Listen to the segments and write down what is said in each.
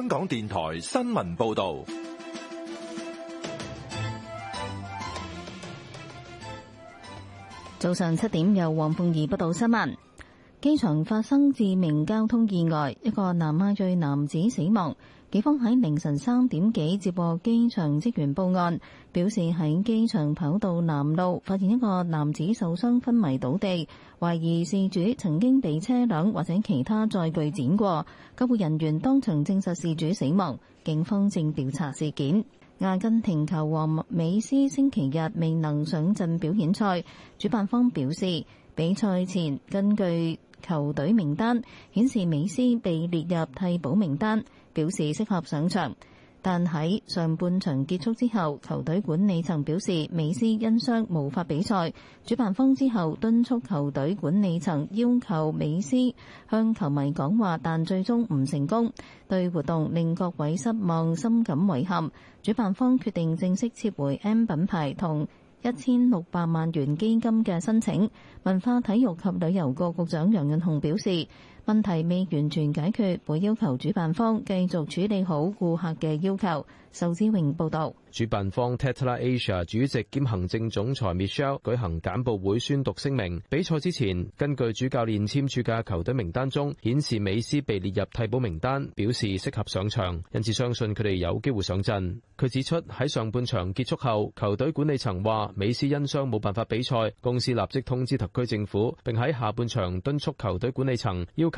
香港電台新聞報道。早上七點由黃鳳儀報道新聞。機場發生致命交通意外，一個南亞裔男子死亡。警方喺凌晨三點幾接獲機場職員報案，表示喺機場跑道南路發現一個男子受傷昏迷倒地，懷疑事主曾經被車輛或者其他載具剪過。救護人員當場證實事主死亡，警方正調查事件。阿根廷球王美斯星期日未能上陣表演賽，主辦方表示，比賽前根據。球隊名單顯示美斯被列入替補名單，表示適合上場。但喺上半場結束之後，球隊管理層表示美斯因傷無法比賽。主辦方之後敦促球隊管理層要求美斯向球迷講話，但最終唔成功。對活動令各位失望，深感遺憾。主辦方決定正式撤回 M 品牌同，一千六百萬元基金嘅申請，文化體育及旅遊局局長楊潤雄表示。問題未完全解決，會要求主辦方繼續處理好顧客嘅要求。仇志榮報導。主辦方 Tatler Asia 主席兼行政總裁 Michelle 舉行簡報會宣讀聲明。比賽之前，根據主教練簽署嘅球隊名單中顯示，美斯被列入替補名單，表示適合上場，因此相信佢哋有機會上陣。佢指出喺上半場結束後，球隊管理層話美斯因傷冇辦法比賽，公司立即通知特區政府，並喺下半場敦促球隊管理層要求。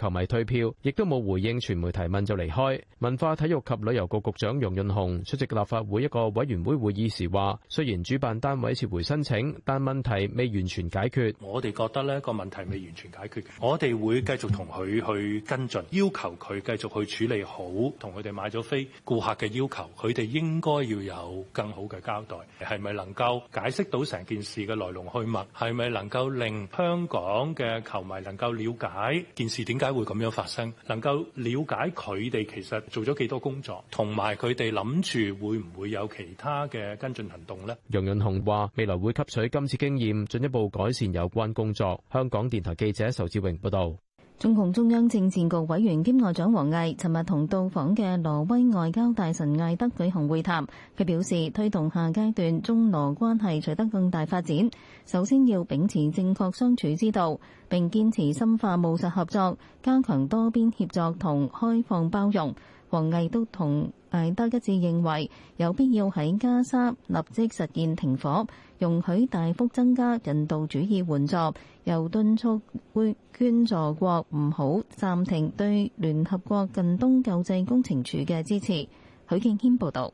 球迷退票，亦都冇回應傳媒提問就離開。文化體育及旅遊局局長楊潤雄出席立法會一個委員會會議時話，雖然主辦單位撤回申請，但問題未完全解決。我哋覺得呢個問題未完全解決，我哋會繼續同佢去跟進，要求佢繼續去處理好同佢哋買咗飛顧客嘅要求，佢哋應該要有更好嘅交代。係咪能夠解釋到成件事嘅來龍去脈？係咪能夠令香港嘅球迷能夠了解件事點解？會咁樣發生？能夠了解佢哋其實做咗幾多工作，同埋佢哋諗住會唔會有其他嘅跟進行動咧？楊潤雄話：未來會吸取今次經驗，進一步改善有關工作。香港電台記者仇志榮報道。中共中央政治局委員兼外長王毅尋日同到訪嘅挪威外交大臣艾德舉行會談。佢表示，推動下階段中挪關係取得更大發展，首先要秉持正確相處之道，並堅持深化務實合作，加強多邊協作同開放包容。王毅都同艾德一致認為有必要喺加沙立即實現停火，容許大幅增加人道主義援助，又敦促會捐助國唔好暫停對聯合國近東救濟工程處嘅支持。許敬軒報道，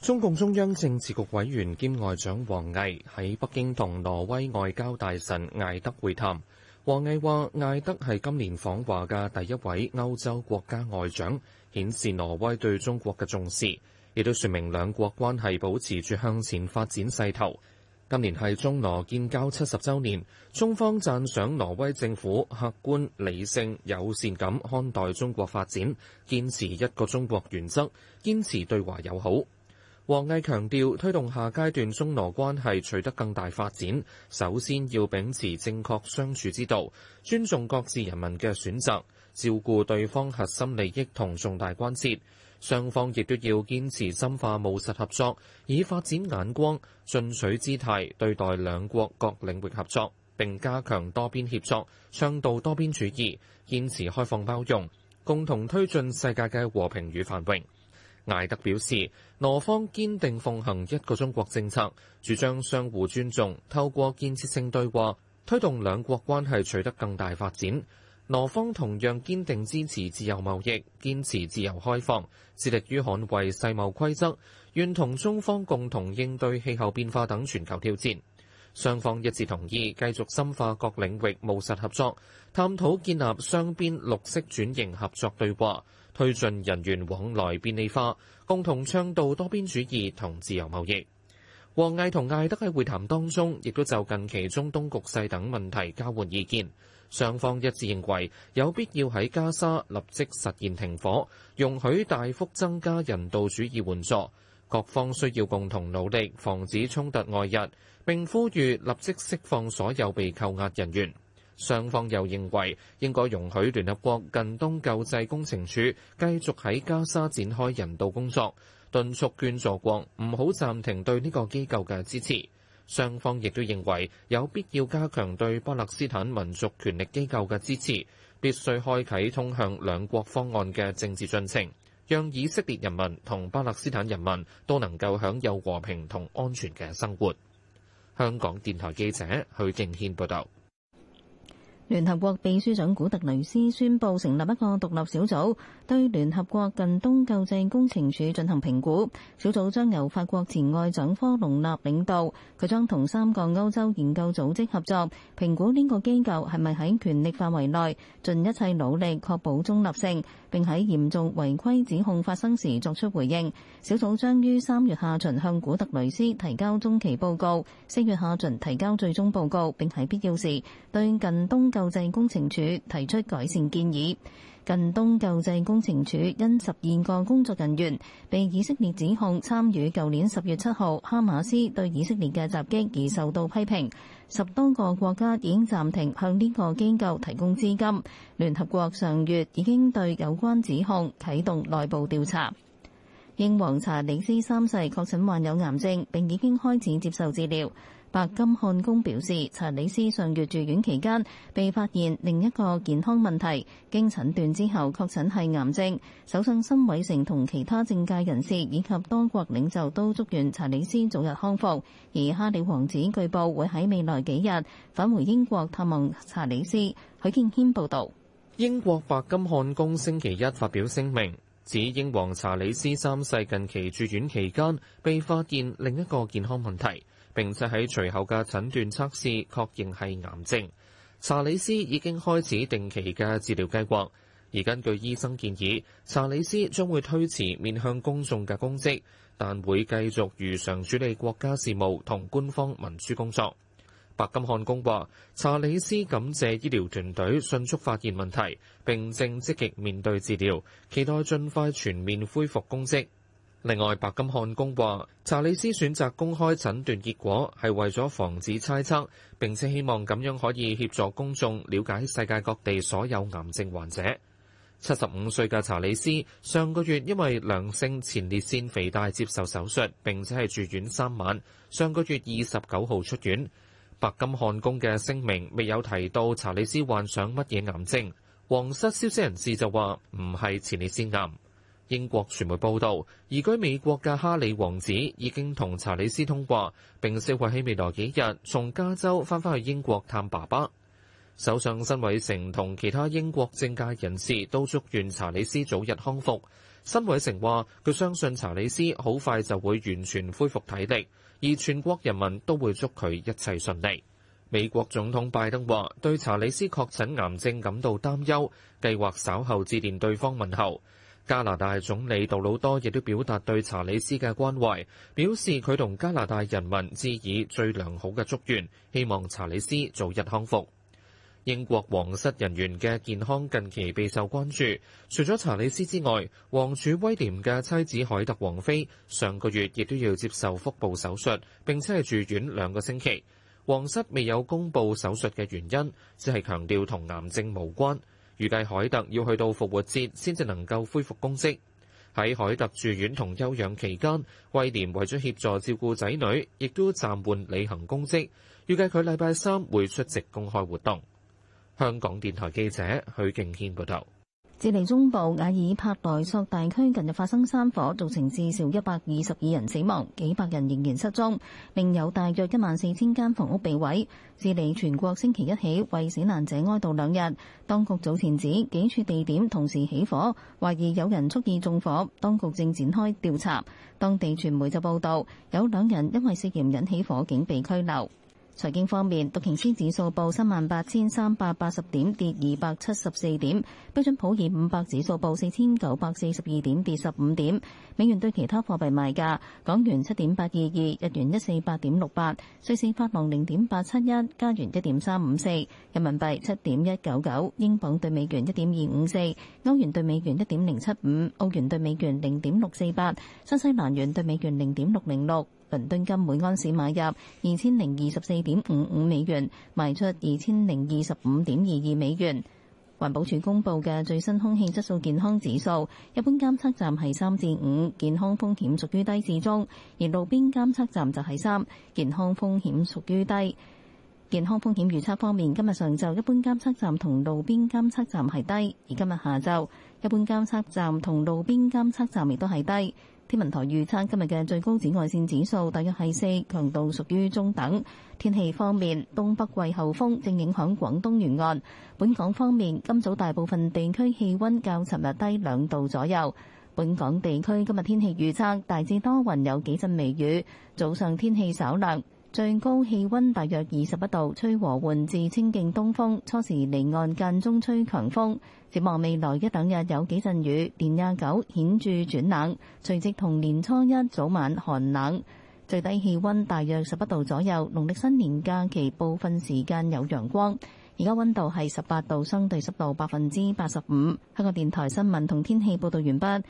中共中央政治局委員兼外長王毅喺北京同挪威外交大臣艾德會談。王毅話：艾德係今年訪華嘅第一位歐洲國家外長，顯示挪威對中國嘅重視，亦都說明兩國關係保持住向前發展勢頭。今年係中挪建交七十周年，中方讚賞挪威政府客觀、理性、友善咁看待中國發展，堅持一個中國原則，堅持對華友好。王毅強調，推動下階段中羅關係取得更大發展，首先要秉持正確相處之道，尊重各自人民嘅選擇，照顧對方核心利益同重大關切。雙方亦都要堅持深化務實合作，以發展眼光、進取姿態對待兩國各領域合作，並加強多邊協作，倡導多邊主義，堅持開放包容，共同推進世界嘅和平與繁榮。艾德表示，俄方堅定奉行一個中國政策，主張相互尊重，透過建設性對話推動兩國關係取得更大發展。俄方同樣堅定支持自由貿易，堅持自由開放，致力於捍衛世貿規則，願同中方共同應對氣候變化等全球挑戰。雙方一致同意繼續深化各領域務實合作，探討建立雙邊綠色轉型合作對話，推進人員往來便利化，共同倡導多邊主義同自由貿易。王毅同艾德喺會談當中，亦都就近期中東局勢等問題交換意見。雙方一致認為有必要喺加沙立即實現停火，容許大幅增加人道主義援助。各方需要共同努力，防止衝突外溢，並呼籲立即釋放所有被扣押人員。雙方又認為應該容許聯合國近東救濟工程處繼續喺加沙展開人道工作，敦促捐助國唔好暫停對呢個機構嘅支持。雙方亦都認為有必要加強對巴勒斯坦民族權力機構嘅支持，必須開啟通向兩國方案嘅政治進程。讓以色列人民同巴勒斯坦人民都能夠享有和平同安全嘅生活。香港電台記者許敬軒報道。聯合國秘書長古特雷斯宣布成立一個獨立小組，對聯合國近東救濟工程署進行評估。小組將由法國前外長科隆納領導，佢將同三個歐洲研究組織合作，評估呢個機構係咪喺權力範圍內盡一切努力確保中立性。並喺嚴重違規指控發生時作出回應。小組將於三月下旬向古特雷斯提交中期報告，四月下旬提交最終報告。並喺必要時對近東救濟工程署提出改善建議。近東救濟工程署因十二個工作人員被以色列指控參與舊年十月七號哈馬斯對以色列嘅襲擊而受到批評。十多個國家已經暫停向呢個機構提供資金。聯合國上月已經對有關指控啟動內部調查。英皇查理斯三世確診患有癌症，並已經開始接受治療。白金漢宮表示，查理斯上月住院期間被發現另一個健康問題，經診斷之後確診係癌症。首相辛偉誠同其他政界人士以及多國領袖都祝願查理斯早日康復。而哈里王子據報會喺未來幾日返回英國探望查理斯。許建謙報導。英國白金漢宮星期一發表聲明，指英皇查理斯三世近期住院期間被發現另一個健康問題。並且喺隨後嘅診斷測試確認係癌症。查理斯已經開始定期嘅治療計劃，而根據醫生建議，查理斯將會推遲面向公眾嘅公職，但會繼續如常處理國家事務同官方文書工作。白金漢宮話：查理斯感謝醫療團隊迅速發現問題，並正積極面對治療，期待盡快全面恢復公職。另外，白金漢宮話查理斯選擇公開診斷結果係為咗防止猜測，並且希望咁樣可以協助公眾了解世界各地所有癌症患者。七十五歲嘅查理斯上個月因為良性前列腺肥大接受手術，並且係住院三晚，上個月二十九號出院。白金漢宮嘅聲明未有提到查理斯患上乜嘢癌症。皇室消息人士就話唔係前列腺癌。英國傳媒報導，移居美國嘅哈里王子已經同查理斯通話，並聲惠喺未來幾日從加州翻返去英國探爸爸。首相辛偉誠同其他英國政界人士都祝願查理斯早日康復。辛偉誠話，佢相信查理斯好快就會完全恢復體力，而全國人民都會祝佢一切順利。美國總統拜登話，對查理斯確診癌症感到擔憂，計劃稍後致電對方問候。加拿大總理杜魯多亦都表達對查理斯嘅關懷，表示佢同加拿大人民致以最良好嘅祝願，希望查理斯早日康復。英國皇室人員嘅健康近期備受關注，除咗查理斯之外，王儲威廉嘅妻子凱特王妃上個月亦都要接受腹部手術，並且係住院兩個星期。皇室未有公布手術嘅原因，只係強調同癌症無關。預計凱特要去到復活節先至能夠恢復公職。喺凱特住院同休養期間，威廉為咗協助照顧仔女，亦都暫緩履行公職。預計佢禮拜三會出席公開活動。香港電台記者許敬軒報道。智利中部瓦爾帕萊索大區近日發生山火，造成至少一百二十二人死亡，幾百人仍然失蹤，另有大約一萬四千間房屋被毀。智利全國星期一起為死難者哀悼兩日。當局早前指幾處地點同時起火，懷疑有人蓄意縱火，當局正展開調查。當地傳媒就報道有兩人因為涉嫌引起火警被拘留。財經方面，道瓊斯指數報三萬八千三百八十點，跌二百七十四點；標準普爾五百指數報四千九百四十二點，跌十五點。美元對其他貨幣賣價：港元七點八二二，日元一四八點六八，瑞士法郎零點八七一，加元一點三五四，人民幣七點一九九，英鎊對美元一點二五四，歐元對美元一點零七五，澳元對美元零點六四八，新西蘭元對美元零點六零六。倫敦金每安士買入二千零二十四點五五美元，賣出二千零二十五點二二美元。環保署公布嘅最新空氣質素健康指數，一般監測站係三至五，健康風險屬於低至中；而路邊監測站就係三，健康風險屬於低。健康風險預測方面，今日上晝一般監測站同路邊監測站係低，而今日下晝一般監測站同路邊監測站亦都係低。天文台預測今日嘅最高紫外線指數大約係四，強度屬於中等。天氣方面，東北季候風正影響廣東沿岸。本港方面，今早大部分地區氣温較尋日低兩度左右。本港地區今日天氣預測大致多雲，有幾陣微雨，早上天氣稍涼。最高氣温大約二十一度，吹和緩至清勁東風，初時離岸間中吹強風。展望未來一兩日有幾陣雨，年廿九顯著轉冷，除夕同年初一早晚寒冷，最低氣温大約十一度左右。農曆新年假期部分時間有陽光，而家温度係十八度，相對濕度百分之八十五。香港電台新聞同天氣報道完畢。